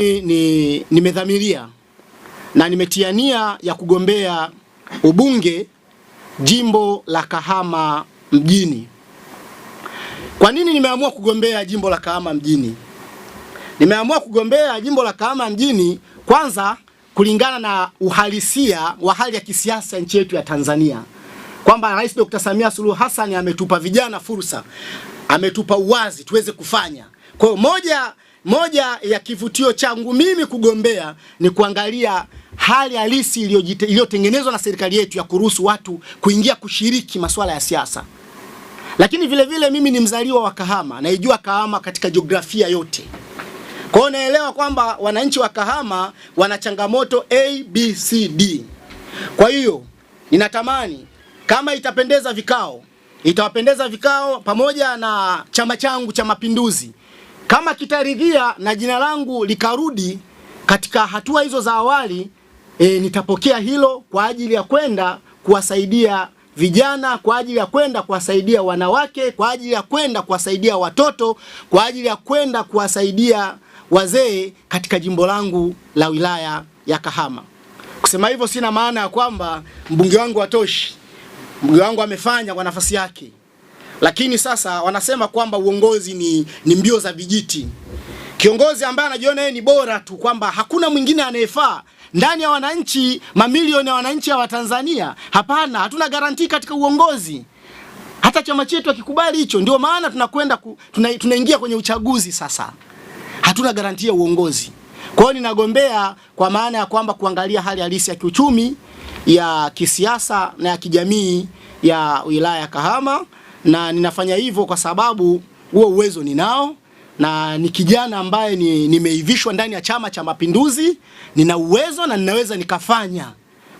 Ni, nimedhamiria na nimetia nia ya kugombea ubunge jimbo la Kahama mjini. Kwa nini nimeamua kugombea jimbo la Kahama mjini? Nimeamua kugombea jimbo la Kahama mjini kwanza kulingana na uhalisia wa hali ya kisiasa nchi yetu ya Tanzania, kwamba Rais Dr. Samia Suluhu Hassan ametupa vijana fursa, ametupa uwazi tuweze kufanya. Kwa hiyo moja moja ya kivutio changu mimi kugombea ni kuangalia hali halisi iliyotengenezwa na serikali yetu ya kuruhusu watu kuingia kushiriki masuala ya siasa. Lakini vile vile mimi ni mzaliwa wa Kahama, naijua Kahama katika jiografia yote. Kwa hiyo naelewa kwamba wananchi wa Kahama wana changamoto A, B, C, D. Kwa hiyo ninatamani kama itapendeza vikao, itawapendeza vikao pamoja na chama changu cha Mapinduzi kama kitaridhia na jina langu likarudi katika hatua hizo za awali e, nitapokea hilo kwa ajili ya kwenda kuwasaidia vijana, kwa ajili ya kwenda kuwasaidia wanawake, kwa ajili ya kwenda kuwasaidia watoto, kwa ajili ya kwenda kuwasaidia wazee katika jimbo langu la wilaya ya Kahama. Kusema hivyo, sina maana ya kwamba mbunge wangu watoshi Mbunge wangu amefanya kwa nafasi yake. Lakini sasa wanasema kwamba uongozi ni, ni mbio za vijiti. Kiongozi ambaye anajiona yeye ni bora tu kwamba hakuna mwingine anayefaa ndani ya wananchi, mamilioni ya wananchi wa Tanzania. Hapana, hatuna garanti katika uongozi. Hata chama chetu akikubali hicho, ndio maana tunakwenda tunaingia kwenye uchaguzi sasa, hatuna garanti ya uongozi. Kwa hiyo ninagombea kwa maana ya kwamba kuangalia hali halisi ya kiuchumi, ya kisiasa na ya kijamii ya wilaya ya Kahama na ninafanya hivyo kwa sababu huo uwezo ninao na ni kijana ambaye nimeivishwa ni ndani ya Chama cha Mapinduzi, nina uwezo na ninaweza nikafanya.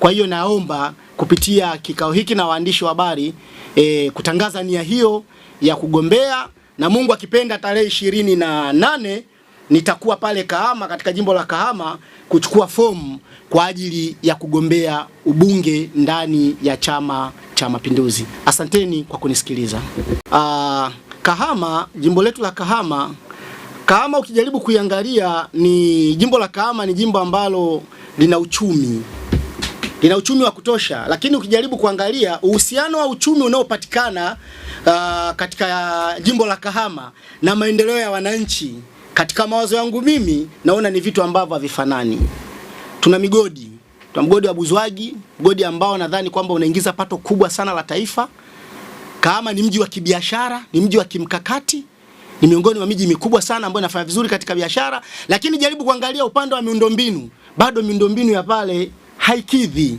Kwa hiyo naomba kupitia kikao hiki na waandishi wa habari e, kutangaza nia hiyo ya kugombea na Mungu akipenda tarehe ishirini na nane nitakuwa pale Kahama katika jimbo la Kahama kuchukua fomu kwa ajili ya kugombea ubunge ndani ya Chama cha Mapinduzi. Asanteni kwa kunisikiliza. Aa, ah, Kahama, jimbo letu la Kahama, Kahama ukijaribu kuiangalia ni jimbo la Kahama ni jimbo ambalo lina uchumi lina uchumi wa kutosha, lakini ukijaribu kuangalia uhusiano wa uchumi unaopatikana uh, katika jimbo la Kahama na maendeleo ya wananchi katika mawazo yangu mimi naona ni vitu ambavyo havifanani. Tuna migodi, tuna mgodi wa Buzwagi, mgodi ambao nadhani kwamba unaingiza pato kubwa sana la taifa. Kahama ni mji wa kibiashara, ni mji wa kimkakati, ni miongoni mwa miji mikubwa sana ambayo inafanya vizuri katika biashara, lakini jaribu kuangalia upande wa miundombinu, bado miundombinu ya pale haikidhi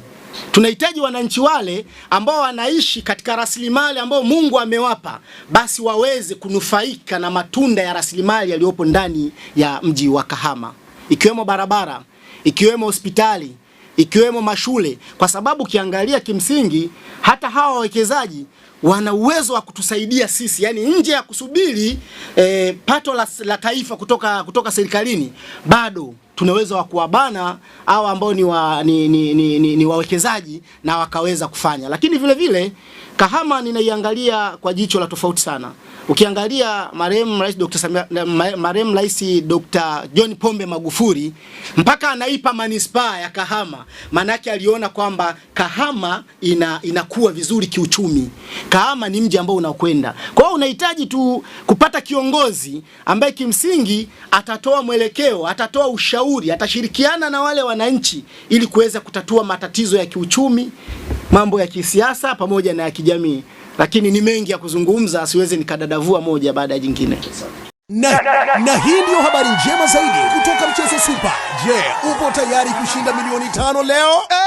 Tunahitaji wananchi wale ambao wanaishi katika rasilimali ambao Mungu amewapa, basi waweze kunufaika na matunda ya rasilimali yaliyopo ndani ya mji wa Kahama, ikiwemo barabara, ikiwemo hospitali, ikiwemo mashule, kwa sababu ukiangalia kimsingi hata hawa wawekezaji wana uwezo wa kutusaidia sisi, yani nje ya kusubiri eh, pato la, la taifa kutoka, kutoka serikalini bado tuna uwezo wa kuwabana hawa ambao ni, wa, ni, ni, ni, ni, ni wawekezaji na wakaweza kufanya, lakini vile vile Kahama ninaiangalia kwa jicho la tofauti sana. Ukiangalia marehemu Rais Dr. Samia, marehemu Rais Dr. John Pombe Magufuli mpaka anaipa manispaa ya Kahama, maanake aliona kwamba Kahama ina, inakuwa vizuri kiuchumi. Kahama ni mji ambao unakwenda. Kwa hiyo unahitaji tu kupata kiongozi ambaye kimsingi atatoa mwelekeo, atatoa ushauri, atashirikiana na wale wananchi ili kuweza kutatua matatizo ya kiuchumi, mambo ya kisiasa pamoja na ya kijamii, lakini ni mengi ya kuzungumza, siwezi nikadadavua moja baada ya jingine. Na, na hii ndiyo habari njema zaidi kutoka mchezo Super. Je, upo tayari kushinda milioni tano leo? Eh,